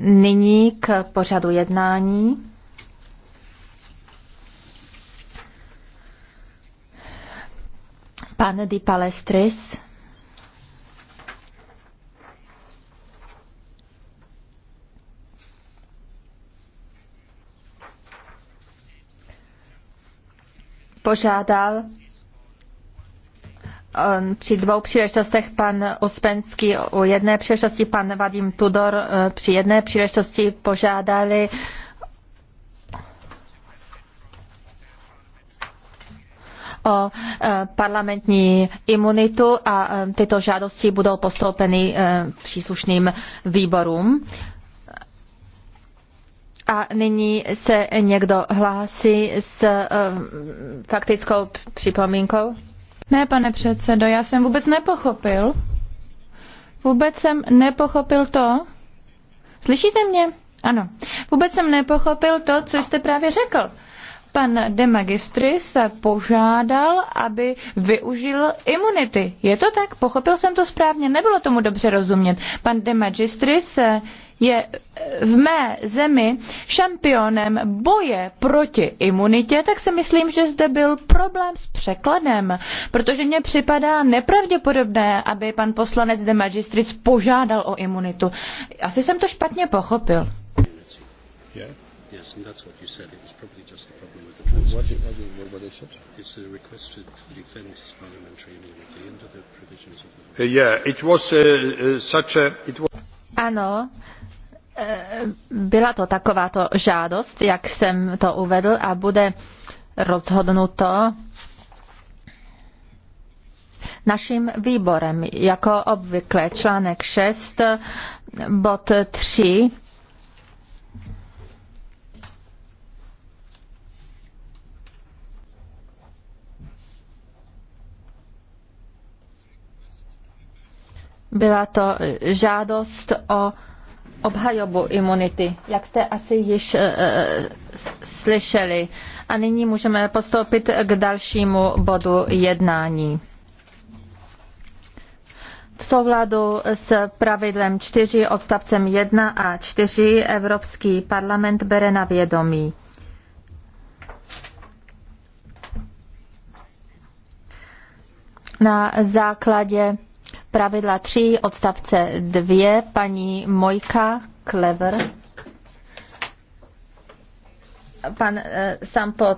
nyní k pořadu jednání. pane Di Palestris. požádal Eh, při dvou příležitostech pan Ospenský u jedné příležitosti, pan Vadim Tudor eh, při jedné příležitosti požádali o eh, parlamentní imunitu a tyto žádosti budou postoupeny příslušným výborům. A nyní se někdo hlásí s faktickou připomínkou? Ne, pane předsedo, já jsem vůbec nepochopil. Vůbec jsem nepochopil to. Slyšíte mě? Ano. Vůbec jsem nepochopil to, co jste právě řekl. Pan de Magistris požádal, aby využil imunity. Je to tak? Pochopil jsem to správně? Nebylo tomu dobře rozumět. Pan de Magistris je v mé zemi šampionem boje proti imunitě, tak si myslím, že zde byl problém s překladem, protože mně připadá nepravděpodobné, aby pan poslanec de Magistric požádal o imunitu. Asi jsem to špatně pochopil. Ano, byla to takováto žádost, jak jsem to uvedl, a bude rozhodnuto naším výborem. Jako obvykle článek 6, bod 3. Byla to žádost o obhajobu imunity, jak jste asi již eh, eh, slyšeli. A nyní můžeme postoupit k dalšímu bodu jednání. V souladu s pravidlem 4 odstavcem 1 a 4 Evropský parlament bere na vědomí. Na základě pravidla 3 odstavce 2 paní Mojka Klever. Pan eh, Sampo